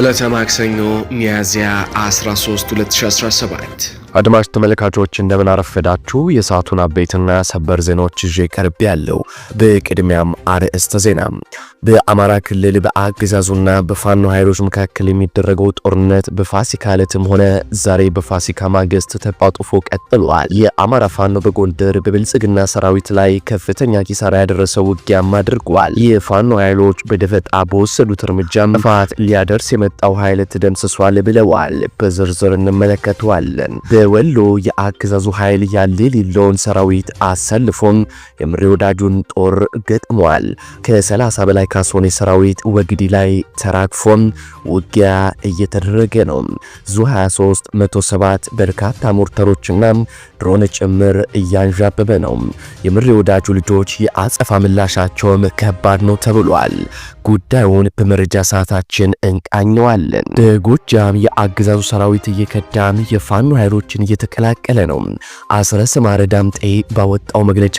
ዕለተ ማክሰኞ ሚያዝያ 13 2017 አድማጭ ተመልካቾች እንደምን አረፈዳችሁ። የሰዓቱን አበይትና ሰበር ዜናዎች ይዤ ቀርብ ያለው። በቅድሚያም አርዕስተ ዜና። በአማራ ክልል በአገዛዙና በፋኖ ኃይሎች መካከል የሚደረገው ጦርነት በፋሲካ ዕለትም ሆነ ዛሬ በፋሲካ ማግስት ተጧጡፎ ቀጥሏል። የአማራ ፋኖ በጎንደር በብልጽግና ሰራዊት ላይ ከፍተኛ ኪሳራ ያደረሰው ውጊያም አድርጓል። የፋኖ ኃይሎች በደፈጣ በወሰዱት እርምጃ ጥፋት ሊያደርስ የመጣው ኃይል ተደምስሷል ብለዋል። በዝርዝር እንመለከተዋለን። የወሎ የአገዛዙ ኃይል ያለ የሌለውን ሰራዊት አሰልፎም የምሬ ወዳጁን ጦር ገጥሟል። ከ30 በላይ ካሶኔ ሰራዊት ወግዲ ላይ ተራግፎም ውጊያ እየተደረገ ነው። ዙ 23 107 በርካታ ሞርተሮችና ድሮን ጭምር እያንዣበበ ነው። የምሬ ወዳጁ ልጆች የአጸፋ ምላሻቸውም ከባድ ነው ተብሏል። ጉዳዩን በመረጃ ሰዓታችን እንቃኘዋለን። በጎጃም የአገዛዙ ሰራዊት እየከዳም የፋኖ ኃይሎች ሰዎችን እየተቀላቀለ ነው። አስረስ ማረ ዳምጤ ባወጣው መግለጫ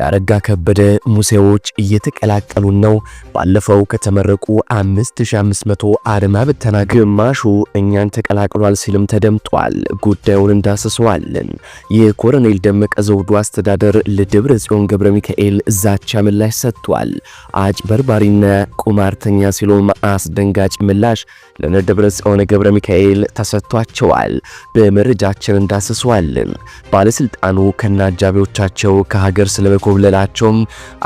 ዳረጋ ከበደ ሙሴዎች እየተቀላቀሉን ነው። ባለፈው ከተመረቁ 5500 አድማ ብተና ግማሹ እኛን ተቀላቅሏል ሲልም ተደምጧል። ጉዳዩን እንዳስሰዋለን። የኮሎኔል ደመቀ ዘውዱ አስተዳደር ለደብረ ጽዮን ገብረ ሚካኤል ዛቻ ምላሽ ሰጥቷል። አጭበርባሪና ቁማርተኛ ሲሉም አስደንጋጭ ምላሽ ለነ ደብረ ጽዮን ገብረ ሚካኤል ተሰጥቷቸዋል። በመረጃችን ጉዳያቸውን ዳስሷል። ባለስልጣኑ ከና አጃቢዎቻቸው ከሀገር ስለመኮብለላቸውም፣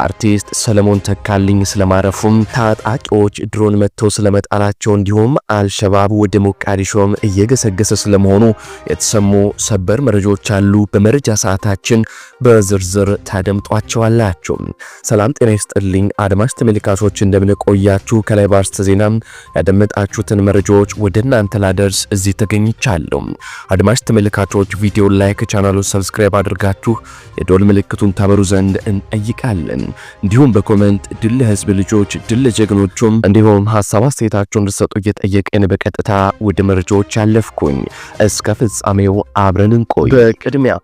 አርቲስት ሰለሞን ተካልኝ ስለማረፉም፣ ታጣቂዎች ድሮን መጥተው ስለመጣላቸው እንዲሁም አልሸባብ ወደ ሞቃዲሾም እየገሰገሰ ስለመሆኑ የተሰሙ ሰበር መረጃዎች አሉ። በመረጃ ሰዓታችን በዝርዝር ታደምጧቸዋላችሁ። ሰላም ጤና ይስጥልኝ አድማጭ ተመልካቾች፣ እንደምንቆያችሁ ከላይ ባርስተ ዜና ያደመጣችሁትን መረጃዎች ወደ እናንተ ላደርስ እዚህ ተገኝቻለሁ። አድማጭ ተመልካ ተመልካቾች ቪዲዮ ላይክ፣ ቻናሉን ሰብስክራይብ አድርጋችሁ የዶል ምልክቱን ታበሩ ዘንድ እንጠይቃለን። እንዲሁም በኮመንት ድል ህዝብ ልጆች፣ ድል ጀግኖቹም፣ እንዲሁም ሀሳብ አስተያየታችሁን እንድትሰጡ እየጠየቅን በቀጥታ ውድ መረጃዎች ያለፍኩኝ፣ እስከ ፍጻሜው አብረን እንቆይ። በቅድሚያ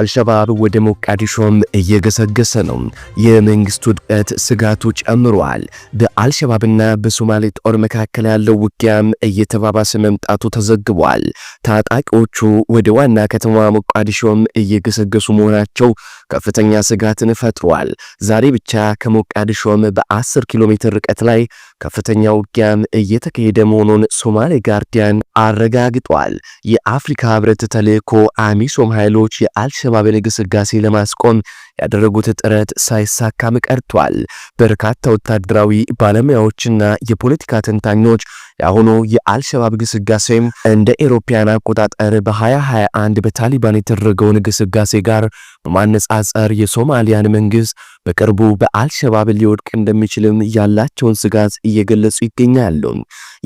አልሸባብ ወደ ሞቃዲሾም እየገሰገሰ ነው። የመንግስቱ ውድቀት ስጋቱ ጨምሯል። በአልሸባብና በሶማሌ ጦር መካከል ያለው ውጊያም እየተባባሰ መምጣቱ ተዘግቧል። ታጣቂዎቹ ወደ ዋና ከተማ ሞቃዲሾም እየገሰገሱ መሆናቸው ከፍተኛ ስጋትን ፈጥሯል። ዛሬ ብቻ ከሞቃዲሾም በ10 ኪሎ ሜትር ርቀት ላይ ከፍተኛ ውጊያም እየተካሄደ መሆኑን ሶማሌ ጋርዲያን አረጋግጧል። የአፍሪካ ህብረት ተልእኮ አሚሶም ኃይሎች የአልሸ የአሸባብን ግስጋሴ ለማስቆም ያደረጉት ጥረት ሳይሳካም ቀርቷል። በርካታ ወታደራዊ ባለሙያዎችና የፖለቲካ ተንታኞች የአሁኑ የአልሸባብ ግስጋሴም እንደ ኤሮፓያን አቆጣጠር በ2021 በታሊባን የተደረገውን ግስጋሴ ጋር በማነጻጸር የሶማሊያን መንግስት በቅርቡ በአልሸባብ ሊወድቅ እንደሚችልም ያላቸውን ስጋት እየገለጹ ይገኛሉ።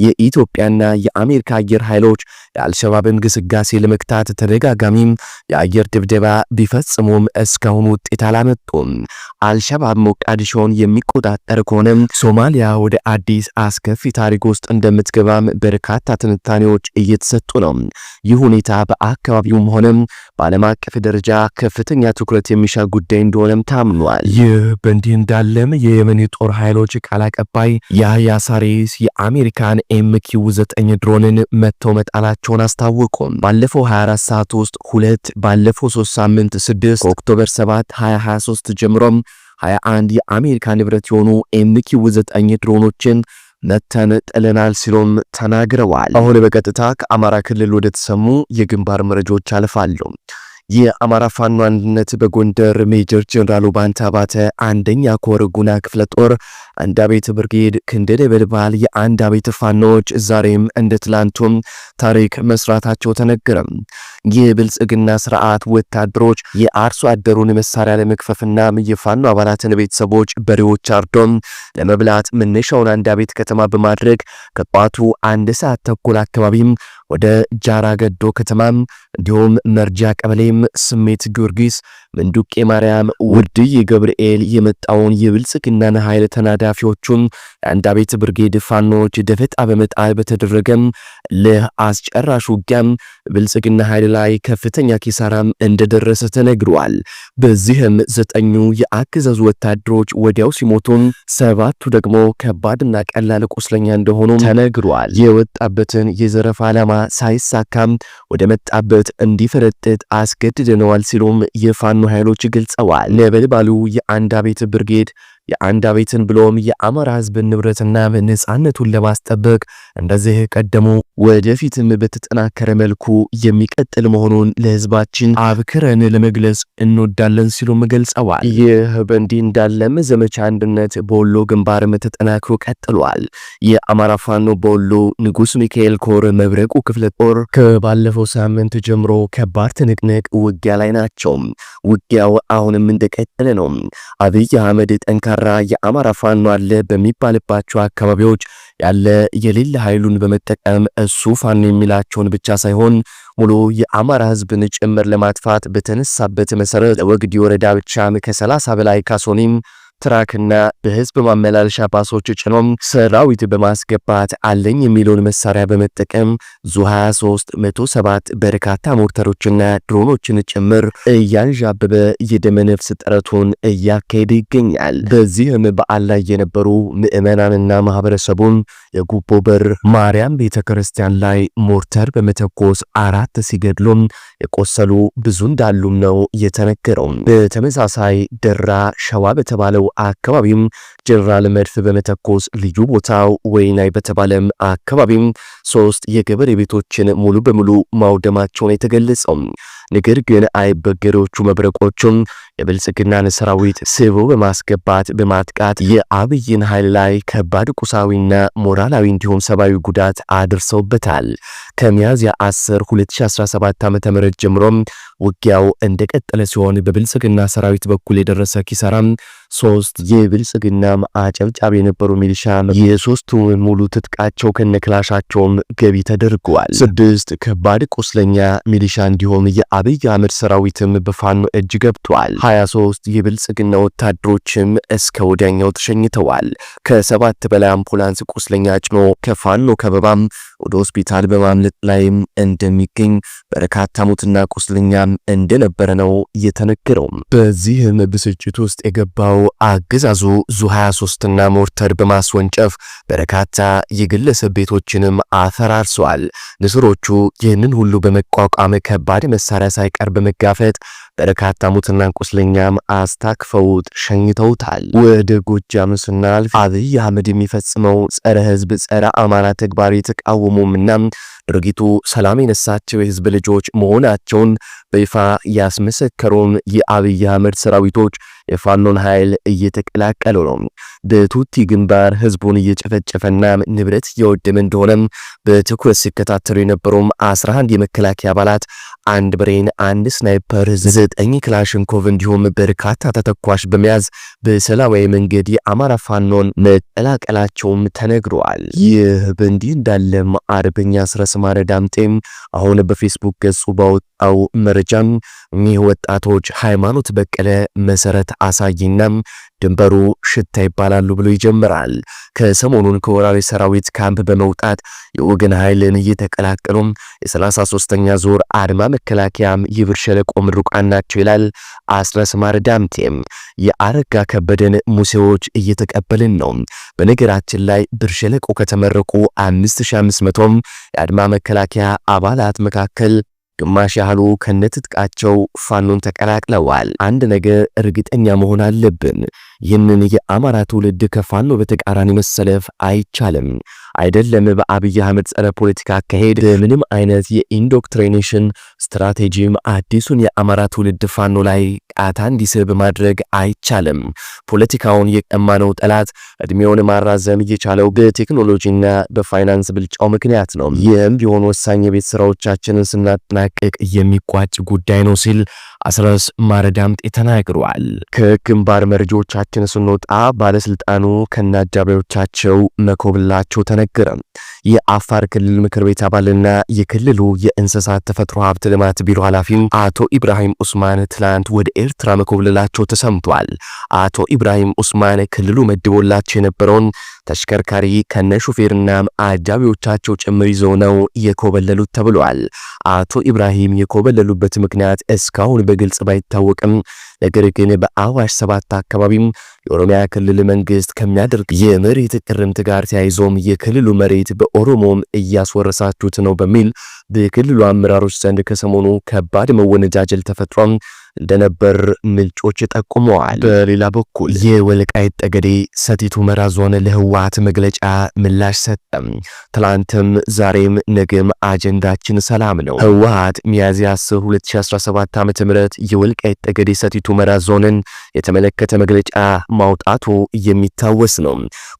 የኢትዮጵያና የአሜሪካ አየር ኃይሎች የአልሸባብን ግስጋሴ ለመግታት ተደጋጋሚም የአየር ድብደባ ቢፈጽሙም እስካሁን ውጤት ውጤት አላመጡም። አልሸባብ ሞቃዲሾን የሚቆጣጠር ከሆነም ሶማሊያ ወደ አዲስ አስከፊ ታሪክ ውስጥ እንደምትገባም በርካታ ትንታኔዎች እየተሰጡ ነው። ይህ ሁኔታ በአካባቢውም ሆነም በዓለም አቀፍ ደረጃ ከፍተኛ ትኩረት የሚሻ ጉዳይ እንደሆነም ታምኗል። ይህ በእንዲህ እንዳለም የየመን የጦር ኃይሎች ቃል አቀባይ ያህያ ሳሬስ የአሜሪካን ኤምኪው ዘጠኝ ድሮንን መጥተው መጣላቸውን አስታወቁም። ባለፈው 24 ሰዓት ውስጥ ሁለት፣ ባለፈው 3 ሳምንት 6 ከኦክቶበር 7 2023 ጀምሮም 21 የአሜሪካ ንብረት የሆኑ ኤምኪው 9 ድሮኖችን መተን ጥለናል ሲሉም ተናግረዋል። አሁን በቀጥታ ከአማራ ክልል ወደ ተሰሙ የግንባር መረጃዎች አልፋለሁ። የአማራ ፋኖ አንድነት በጎንደር ሜጀር ጀኔራል ባንታ አባተ አንደኛ ኮር ጉና ክፍለ ጦር አንድ አቤት ብርጌድ ክንደድ በልባል የአንድ አቤት ፋኖች ዛሬም እንደ ትላንቱም ታሪክ መስራታቸው ተነገረ። የብልጽግና ስርዓት ወታደሮች የአርሶ አደሩን መሳሪያ ለመክፈፍና የፋኖ አባላትን ቤተሰቦች በሬዎች አርዶም ለመብላት መነሻውን አንድ አቤት ከተማ በማድረግ ከጧቱ አንድ ሰዓት ተኩል አካባቢም ወደ ጃራ ገዶ ከተማም እንዲሁም መርጃ ቀበሌም ስሜት ጊዮርጊስ ምንዱቄ ማርያም ውድይ ገብርኤል የመጣውን የብልጽግናን ኃይል ተናዳፊዎቹን የአንድ አቤት ብርጌድ ፋኖች ደፈጣ በመጣል በተደረገም ለአስጨራሽ ውጊያም ብልጽግና ኃይል ላይ ከፍተኛ ኪሳራም እንደደረሰ ተነግሯል። በዚህም ዘጠኙ የአገዛዙ ወታደሮች ወዲያው ሲሞቱን ሰባቱ ደግሞ ከባድና ቀላል ቁስለኛ እንደሆኑ ተነግሯል። የወጣበትን የዘረፋ ዓላማ ሳይሳካም ወደ መጣበት እንዲፈረጥጥ አስገድደነዋል ሲሉም የፋኖ ኃይሎች ገልጸዋል። ነበልባሉ የአንድ አቤት ብርጌድ የአንድ አቤትን ብሎም የአማራ ህዝብን ንብረትና ነፃነቱን ለማስጠበቅ እንደዚህ ቀደሙ ወደፊትም በተጠናከረ መልኩ የሚቀጥል መሆኑን ለህዝባችን አብክረን ለመግለጽ እንወዳለን ሲሉም ገልጸዋል። ይህ በእንዲህ እንዳለም ዘመቻ አንድነት በወሎ ግንባርም ተጠናክሮ ቀጥሏል። የአማራ ፋኖ በወሎ ንጉስ ሚካኤል ኮር መብረቁ ክፍለ ጦር ከባለፈው ሳምንት ጀምሮ ከባድ ትንቅንቅ ውጊያ ላይ ናቸው። ውጊያው አሁንም እንደቀጠለ ነው። አብይ አህመድ ጠንካ ጠንካራ የአማራ ፋኖ አለ በሚባልባቸው አካባቢዎች ያለ የሌለ ኃይሉን በመጠቀም እሱ ፋኖ የሚላቸውን ብቻ ሳይሆን ሙሉ የአማራ ህዝብን ጭምር ለማጥፋት በተነሳበት መሰረት ለወግዲ ወረዳ ብቻም ከ30 በላይ ካሶኒም ትራክና በህዝብ ማመላለሻ ባሶች ጭኖም ሰራዊት በማስገባት አለኝ የሚለውን መሳሪያ በመጠቀም ዙ 23 107 በርካታ ሞርተሮችና ድሮኖችን ጭምር እያንዣበበ የደመ ነፍስ ጥረቱን እያካሄደ ይገኛል። በዚህም በዓል ላይ የነበሩ ምዕመናንና ማህበረሰቡን የጉቦ በር ማርያም ቤተ ክርስቲያን ላይ ሞርተር በመተኮስ አራት ሲገድሉም የቆሰሉ ብዙ እንዳሉም ነው የተነገረው። በተመሳሳይ ደራ ሸዋ በተባለው አካባቢም ጀነራል መድፍ በመተኮስ ልዩ ቦታው ወይናይ በተባለም አካባቢም ሶስት የገበሬ ቤቶችን ሙሉ በሙሉ ማውደማቸውን የተገለጸው ነገር ግን አይበገሬዎቹ መብረቆቹም የብልጽግናን ሰራዊት ስቦ በማስገባት በማጥቃት የአብይን ኃይል ላይ ከባድ ቁሳዊና ሞራላዊ እንዲሁም ሰብአዊ ጉዳት አድርሰውበታል። ከሚያዝያ 10 2017 ዓ ም ጀምሮም ውጊያው እንደቀጠለ ሲሆን በብልጽግና ሰራዊት በኩል የደረሰ ኪሳራም ሶስት የብልጽግና አጨብጫብ የነበሩ ሚሊሻ የሶስቱ ሙሉ ትጥቃቸው ከነክላሻቸውም ገቢ ተደርገዋል። ስድስት ከባድ ቁስለኛ ሚሊሻ እንዲሁም አብይ አህመድ ሰራዊትም በፋኖ እጅ ገብቷል። 23 የብልጽግና ወታደሮችም እስከ ወዲያኛው ተሸኝተዋል። ከሰባት በላይ አምቡላንስ ቁስለኛ ጭኖ ከፋኖ ከበባም ወደ ሆስፒታል በማምለጥ ላይም እንደሚገኝ በርካታ ሙትና ቁስለኛም እንደነበረ ነው የተነገረው። በዚህም ብስጭት ውስጥ የገባው አገዛዙ ዙ 23ና ሞርተር በማስወንጨፍ በርካታ የግለሰብ ቤቶችንም አፈራርሰዋል። ንስሮቹ ይህንን ሁሉ በመቋቋም ከባድ መሳሪያ ሳይቀር በመጋፈጥ በርካታ ሙትና ቁስለኛም አስታክፈውት ሸኝተውታል። ወደ ጎጃም ስናልፍ አብይ አህመድ የሚፈጽመው ጸረ ህዝብ፣ ጸረ አማራ ተግባር የተቃወሙምና ድርጊቱ ሰላም የነሳቸው የህዝብ ልጆች መሆናቸውን በይፋ ያስመሰከሩም የአብይ አህመድ ሰራዊቶች የፋኖን ኃይል እየተቀላቀሉ ነው። በቱቲ ግንባር ህዝቡን እየጨፈጨፈና ንብረት እያወደመ እንደሆነም በትኩረት ሲከታተሉ የነበሩም 11 የመከላከያ አባላት አንድ ብሬን፣ አንድ ስናይፐር፣ ዘጠኝ ክላሽንኮቭ እንዲሁም በርካታ ተተኳሽ በመያዝ በሰላማዊ መንገድ የአማራ ፋኖን መቀላቀላቸውም ተነግረዋል። ይህ በእንዲህ እንዳለም አርበኛ ስረስ ዳምጤም አሁን በፌስቡክ ገጹ ባወጣው መረጃም እኒህ ወጣቶች ሃይማኖት በቀለ መሰረት አሳይናም ድንበሩ ሽታ ይባላሉ ብሎ ይጀምራል። ከሰሞኑን ከወራሪ ሰራዊት ካምፕ በመውጣት የወገን ኃይልን እየተቀላቀሉም የ33ኛ ዙር አድማ መከላከያም ይብር ሸለቆ ምሩቃን ናቸው ይላል አስረስማር ዳምቴም። የአረጋ ከበደን ሙሴዎች እየተቀበልን ነው። በነገራችን ላይ ብር ሸለቆ ከተመረቁ 5500 የአድማ መከላከያ አባላት መካከል ግማሽ ያህሉ ከነትጥቃቸው ፋኖን ተቀላቅለዋል። አንድ ነገር እርግጠኛ መሆን አለብን። ይህንን የአማራ ትውልድ ከፋኖ በተቃራኒ መሰለፍ አይቻልም። አይደለም በአብይ አህመድ ጸረ ፖለቲካ አካሄድ ምንም አይነት የኢንዶክትሪኔሽን ስትራቴጂም አዲሱን የአማራ ትውልድ ፋኖ ላይ ቃታ እንዲስብ ማድረግ አይቻልም። ፖለቲካውን የቀማነው ጠላት እድሜውን ማራዘም እየቻለው በቴክኖሎጂና በፋይናንስ ብልጫው ምክንያት ነው። ይህም ቢሆን ወሳኝ የቤት ስራዎቻችንን ስናጠናቅቅ የሚቋጭ ጉዳይ ነው ሲል አስረስ ማረ ተናግረዋል። ከግንባር መረጃዎቻችን ስንወጣ ባለስልጣኑ ከነአጃቢዎቻቸው መኮብላቸው ተነገረም። የአፋር ክልል ምክር ቤት አባልና የክልሉ የእንስሳት ተፈጥሮ ሀብት ልማት ቢሮ ኃላፊም አቶ ኢብራሂም ኡስማን ትላንት ወደ ኤርትራ መኮብለላቸው ተሰምቷል። አቶ ኢብራሂም ኡስማን ክልሉ መድቦላቸው የነበረውን ተሽከርካሪ ከነ ሹፌርና አጃቢዎቻቸው ጭምር ይዘው ነው የኮበለሉት ተብሏል። አቶ ኢብራሂም የኮበለሉበት ምክንያት እስካሁን በግልጽ ባይታወቅም ነገር ግን በአዋሽ ሰባት አካባቢም የኦሮሚያ ክልል መንግስት ከሚያደርግ የመሬት ቅርምት ጋር ተያይዞም የክልሉ መሬት በኦሮሞም እያስወረሳችሁት ነው በሚል በክልሉ አመራሮች ዘንድ ከሰሞኑ ከባድ መወነጃጀል ተፈጥሯም እንደነበር ምንጮች ጠቁመዋል። በሌላ በኩል የወልቃይት ጠገዴ ሰቲት ሁመራ ዞን ለህወሓት መግለጫ ምላሽ ሰጠም። ትላንትም ዛሬም ነገም አጀንዳችን ሰላም ነው። ህወሓት ሚያዝያ 10 2017 ም የወልቃይት ጠገዴ ሰቲት ሁመራ ዞንን የተመለከተ መግለጫ ማውጣቱ የሚታወስ ነው።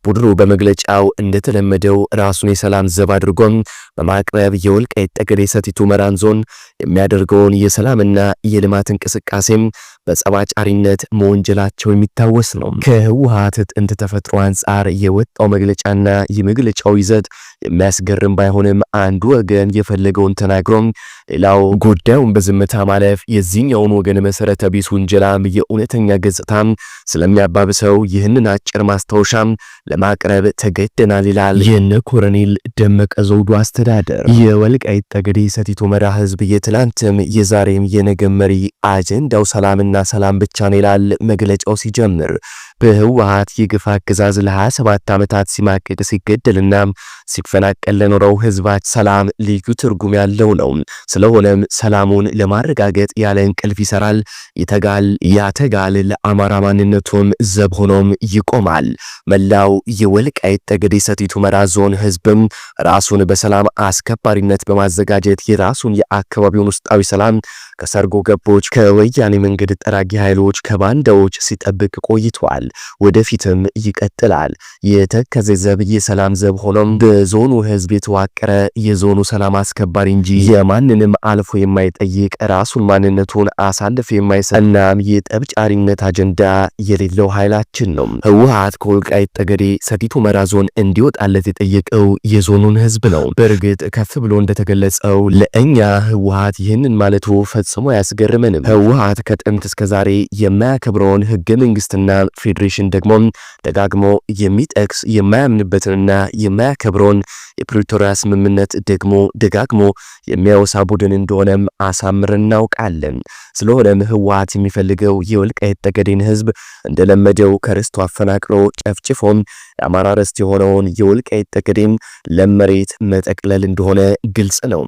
ቡድኑ በመግለጫው እንደተለመደው ራሱን የሰላም ዘብ አድርጎም በማቅረብ የወልቃይት ጠገዴ ሰቲት ሁመራን ዞን የሚያደርገውን የሰላምና የልማት እንቅስቃሴ Qasim በጸባጫሪነት መወንጀላቸው የሚታወስ ነው። ከህወሓት ጥንት ተፈጥሮ አንጻር የወጣው መግለጫና የመግለጫው ይዘት የሚያስገርም ባይሆንም አንዱ ወገን የፈለገውን ተናግሮም ሌላው ጉዳዩን በዝምታ ማለፍ የዚህኛውን ወገን መሰረተ ቢስ ውንጀላም የእውነተኛ ገጽታም ስለሚያባብሰው ይህንን አጭር ማስታወሻም ለማቅረብ ተገደናል ይላል የነ ኮሎኔል ደመቀ ዘውዱ አስተዳደር። የወልቃይት ጠገዴ ሰቲት ሁመራ ህዝብ የትላንትም የዛሬም የነገ መሪ አጀንዳው ሰላምና ልማትና ሰላም ብቻ ነው ይላል መግለጫው ሲጀምር። በህወሀት የግፍ አገዛዝ ለ27 ዓመታት ሲማቅቅ ሲገደልና ሲፈናቀል ለኖረው ህዝባች ሰላም ልዩ ትርጉም ያለው ነው። ስለሆነም ሰላሙን ለማረጋገጥ ያለ እንቅልፍ ይሰራል፣ ይተጋል፣ ያተጋል። ለአማራ ማንነቱም ዘብ ሆኖም ይቆማል። መላው የወልቃይት ጠገዴ ሰቲት ሁመራ ዞን ህዝብም ራሱን በሰላም አስከባሪነት በማዘጋጀት የራሱን የአካባቢውን ውስጣዊ ሰላም ከሰርጎ ገቦች ከወያኔ መንገድ ጠራጊ ኃይሎች ከባንዳዎች ሲጠብቅ ቆይቷል። ወደፊትም ይቀጥላል። የተከዜ ዘብ የሰላም ዘብ ሆኖም በዞኑ ህዝብ የተዋቀረ የዞኑ ሰላም አስከባሪ እንጂ የማንንም አልፎ የማይጠይቅ ራሱን ማንነቱን አሳልፎ የማይሰጥ እናም የጠብጫሪነት አጀንዳ የሌለው ኃይላችን ነው። ህወሓት ከወልቃይት ጠገዴ ሰቲት ሁመራ ዞን እንዲወጣለት የጠየቀው የዞኑን ህዝብ ነው። በእርግጥ ከፍ ብሎ እንደተገለጸው ለእኛ ህወሓት ይህንን ማለቱ ፈጽሞ አያስገርመንም። ህወሓት ከጥንት እስከዛሬ የማያከብረውን ህገ መንግስትና ፌዴሬሽን ደግሞ ደጋግሞ የሚጠቅስ የማያምንበትንና የማያከብረውን የፕሪቶሪያ ስምምነት ደግሞ ደጋግሞ የሚያወሳ ቡድን እንደሆነም አሳምረን እናውቃለን። ስለሆነም ህወሓት የሚፈልገው የወልቃይት ጠገዴን ህዝብ እንደለመደው ከርስቱ አፈናቅሎ ጨፍጭፎም የአማራ ርስት የሆነውን የወልቃይት ጠገዴን ለመሬት መጠቅለል እንደሆነ ግልጽ ነው።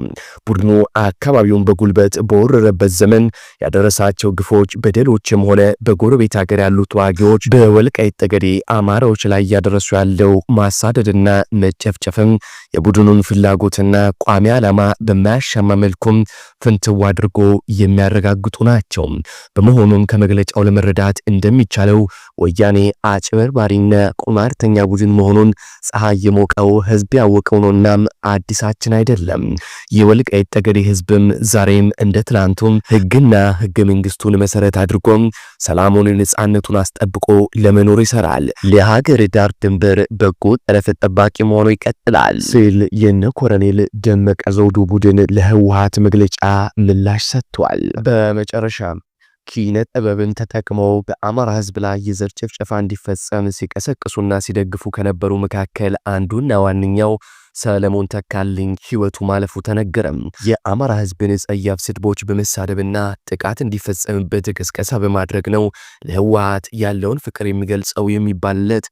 ቡድኑ አካባቢውን በጉልበት በወረረበት ዘመን ያደረሳቸው ግፎች በደሎችም ሆነ በጎረቤት ሀገር ያሉ ተዋጊዎች በወልቃይት ጠገዴ አማራዎች ላይ እያደረሱ ያለው ማሳደድና መጨፍጨፍም የቡድኑን ፍላጎትና ቋሚ ዓላማ በማያሻማ መልኩም ፍንትው አድርጎ የሚያረጋግጡ ናቸው። በመሆኑም ከመግለጫው ለመረዳት እንደሚቻለው ወያኔ አጭበርባሪና ቁማርተኛ ቡድን መሆኑን ፀሐይ የሞቀው ህዝብ ያወቀው ነውናም አዲሳችን አይደለም። የወልቃይት ጠገዴ ህዝብም ዛሬም እንደ ትላንቱም ህግና ህገ መንግስቱን መሰረት መሰረት አድርጎም ሰላሙን፣ ነጻነቱን አስጠብቆ ለመኖር ይሰራል። ለሀገር ዳር ድንበር በጎ ጠረፍ ጠባቂ መሆኑ ይቀጥላል ሲል የነ ኮረኔል ደመቀ ዘውዱ ቡድን ለህወሀት መግለጫ ምላሽ ሰጥቷል። በመጨረሻም ኪነ ጥበብን ተጠቅመው በአማራ ሕዝብ ላይ የዘር ጭፍጨፋ እንዲፈጸም ሲቀሰቅሱና ሲደግፉ ከነበሩ መካከል አንዱና ዋነኛው ሰለሞን ተካልኝ ሕይወቱ ማለፉ ተነገረም። የአማራ ህዝብን ጸያፍ ስድቦች በመሳደብና ጥቃት እንዲፈጸምበት ቅስቀሳ በማድረግ ነው ለህወሓት ያለውን ፍቅር የሚገልጸው የሚባልለት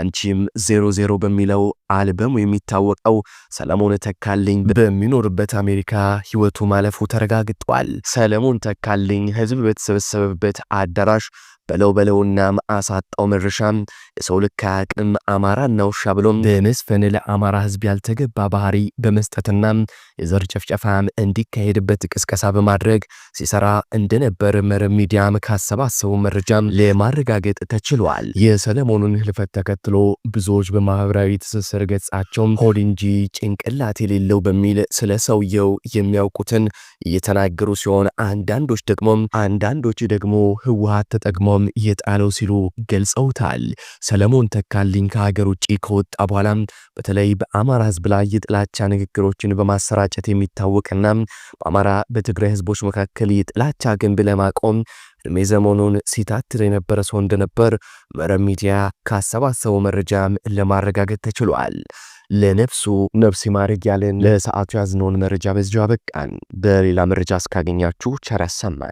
አንቺም ዜሮ ዜሮ በሚለው አልበሙ የሚታወቀው ሰለሞን ተካልኝ በሚኖርበት አሜሪካ ህይወቱ ማለፉ ተረጋግጧል። ሰለሞን ተካልኝ ህዝብ በተሰበሰበበት አዳራሽ በለው በለውና አሳጣው አጣው የሰው ልክ አቅም አማራና ውሻ ብሎም በመስፈን ለአማራ ህዝብ ያልተገባ ባህሪ በመስጠትና የዘር ጨፍጨፋ እንዲካሄድበት ቅስቀሳ በማድረግ ሲሰራ እንደነበር መረብ ሚዲያም ካሰባሰቡ መረጃም ለማረጋገጥ ተችሏል። የሰለሞኑን ህልፈት ተከትሎ ብዙዎች በማህበራዊ ትስስር ገጻቸው ሆድ እንጂ ጭንቅላት የሌለው በሚል ስለ ሰውየው የሚያውቁትን እየተናገሩ ሲሆን አንዳንዶች ደግሞ አንዳንዶች ደግሞ ህወሀት ተጠቅሞ ተቃውሞም የጣለው ሲሉ ገልጸውታል። ሰለሞን ተካልኝ ከሀገር ውጭ ከወጣ በኋላ በተለይ በአማራ ህዝብ ላይ የጥላቻ ንግግሮችን በማሰራጨት የሚታወቅና በአማራ በትግራይ ህዝቦች መካከል የጥላቻ ግንብ ለማቆም እድሜ ዘመኑን ሲታትር የነበረ ሰው እንደነበር መረብ ሚዲያ ካሰባሰቡ መረጃም ለማረጋገጥ ተችሏል። ለነፍሱ ነፍስ ማድረግ ያለን ለሰዓቱ ያዝነውን መረጃ በዚሁ አበቃን። በሌላ መረጃ እስካገኛችሁ ቸር ያሰማል።